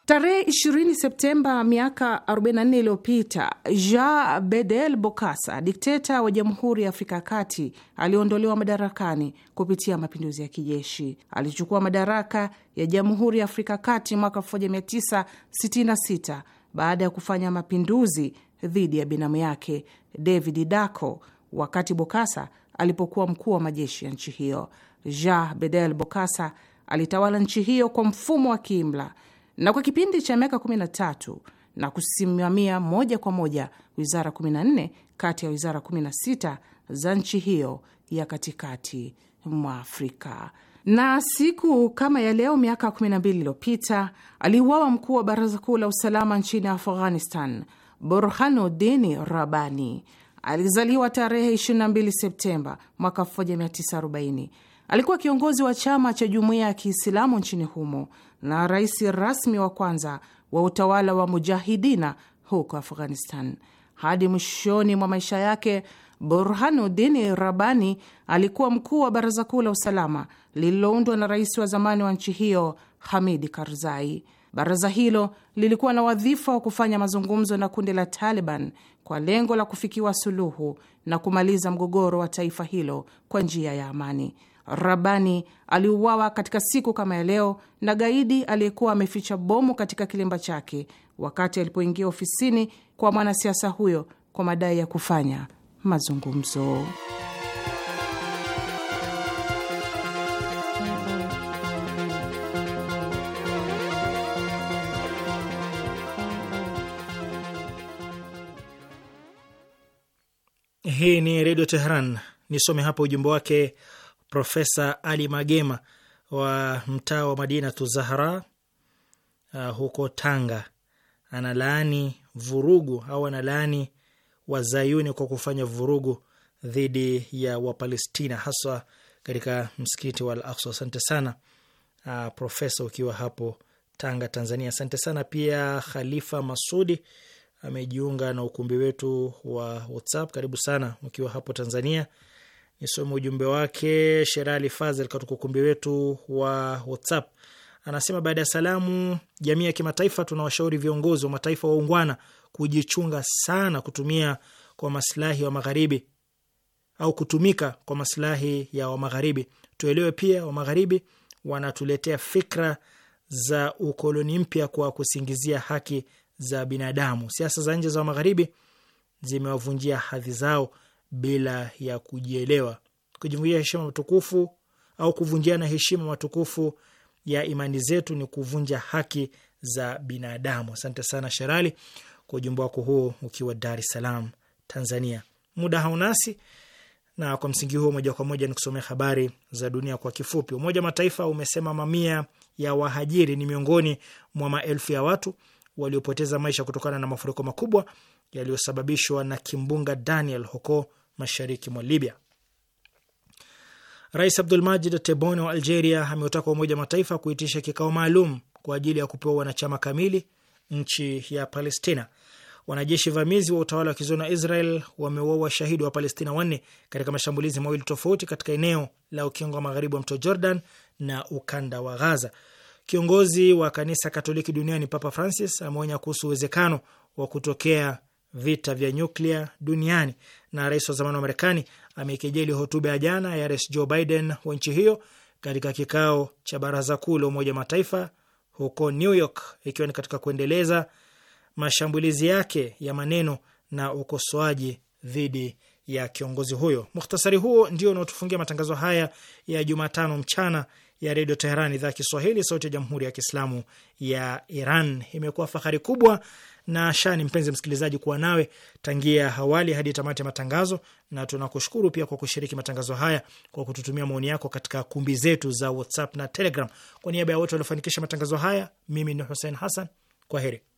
Tarehe 20 Septemba miaka 44 iliyopita, Jean Bedel Bokassa, dikteta wa Jamhuri ya Afrika ya Kati, aliondolewa madarakani kupitia mapinduzi ya kijeshi. Alichukua madaraka ya Jamhuri ya Afrika ya Kati mwaka 1966 baada ya kufanya mapinduzi dhidi ya binamu yake David daco wakati bokasa alipokuwa mkuu wa majeshi ya nchi hiyo. Jean Bedel bokasa alitawala nchi hiyo kwa mfumo wa kiimla na kwa kipindi cha miaka 13 na kusimamia moja kwa moja wizara 14 kati ya wizara 16 za nchi hiyo ya katikati mwa Afrika. Na siku kama ya leo miaka 12 iliyopita aliuawa mkuu wa baraza kuu la usalama nchini Afghanistan, Burhanuddin Rabani. Alizaliwa tarehe 22 Septemba mwaka 1940. Alikuwa kiongozi wa chama cha jumuiya ya Kiislamu nchini humo na rais rasmi wa kwanza wa utawala wa mujahidina huko Afghanistan. Hadi mwishoni mwa maisha yake, Burhanuddin Rabani alikuwa mkuu wa baraza kuu la usalama lililoundwa na rais wa zamani wa nchi hiyo Hamidi Karzai. Baraza hilo lilikuwa na wadhifa wa kufanya mazungumzo na kundi la Taliban kwa lengo la kufikiwa suluhu na kumaliza mgogoro wa taifa hilo kwa njia ya amani. Rabani aliuawa katika siku kama ya leo na gaidi aliyekuwa ameficha bomu katika kilemba chake wakati alipoingia ofisini kwa mwanasiasa huyo kwa madai ya kufanya mazungumzo. Hii ni Redio Tehran. Nisome hapa ujumbe wake Profesa Ali Magema wa mtaa wa Madina Tuzahara uh, huko Tanga, analaani vurugu au analaani wazayuni kwa kufanya vurugu dhidi ya Wapalestina, haswa katika msikiti wa Al Aksa. Asante sana uh, Profesa, ukiwa hapo Tanga, Tanzania. Asante sana pia Khalifa Masudi amejiunga na ukumbi wetu wa WhatsApp. Karibu sana mkiwa hapo Tanzania. Nisome ujumbe wake. Sherali Fazel katika ukumbi wetu wa WhatsApp anasema, baada ya salamu, jamii ya kimataifa, tunawashauri viongozi wa mataifa waungwana kujichunga sana kutumia kwa maslahi wa magharibi au kutumika kwa maslahi ya wa magharibi. Tuelewe pia wa magharibi wanatuletea fikra za ukoloni mpya kwa kusingizia haki za binadamu. Siasa za nje za magharibi zimewavunjia hadhi zao bila ya kujielewa. Kujivunjia heshima matukufu au kuvunjia na heshima matukufu ya imani zetu ni kuvunja haki za binadamu. Asante sana Sherali kwa ujumbe wako huo, ukiwa Dar es Salaam, Tanzania. Muda haunasi na kwa msingi huo moja kwa moja nikusomea habari za dunia kwa kifupi. Umoja wa Mataifa umesema mamia ya wahajiri ni miongoni mwa maelfu ya watu waliopoteza maisha kutokana na mafuriko makubwa yaliyosababishwa na kimbunga Daniel huko mashariki mwa Libya. Rais Abdulmajid Tebboune wa Algeria ameutaka Umoja wa Mataifa kuitisha kikao maalum kwa ajili ya kupewa wanachama kamili nchi ya Palestina. Wanajeshi vamizi wa utawala wa kizona Israel wameua washahidi wa Palestina wanne katika mashambulizi mawili tofauti katika eneo la ukingo wa magharibi wa mto Jordan na ukanda wa Ghaza. Kiongozi wa kanisa Katoliki duniani Papa Francis ameonya kuhusu uwezekano wa kutokea vita vya nyuklia duniani, na rais wa zamani wa Marekani amekejeli hotuba ya jana ya Rais Joe Biden wa nchi hiyo katika kikao cha Baraza Kuu la Umoja wa Mataifa huko New York, ikiwa ni katika kuendeleza mashambulizi yake ya maneno na ukosoaji dhidi ya kiongozi huyo. Mukhtasari huo ndio unaotufungia matangazo haya ya Jumatano mchana ya Redio Teheran, idhaa ya Kiswahili, sauti ya Jamhuri ya Kiislamu ya Iran. Imekuwa fahari kubwa na shani, mpenzi msikilizaji, kuwa nawe tangia awali hadi tamati ya matangazo, na tunakushukuru pia kwa kushiriki matangazo haya kwa kututumia maoni yako katika kumbi zetu za WhatsApp na Telegram. Kwa niaba ya wote waliofanikisha matangazo haya, mimi ni Hussein Hassan, kwa heri.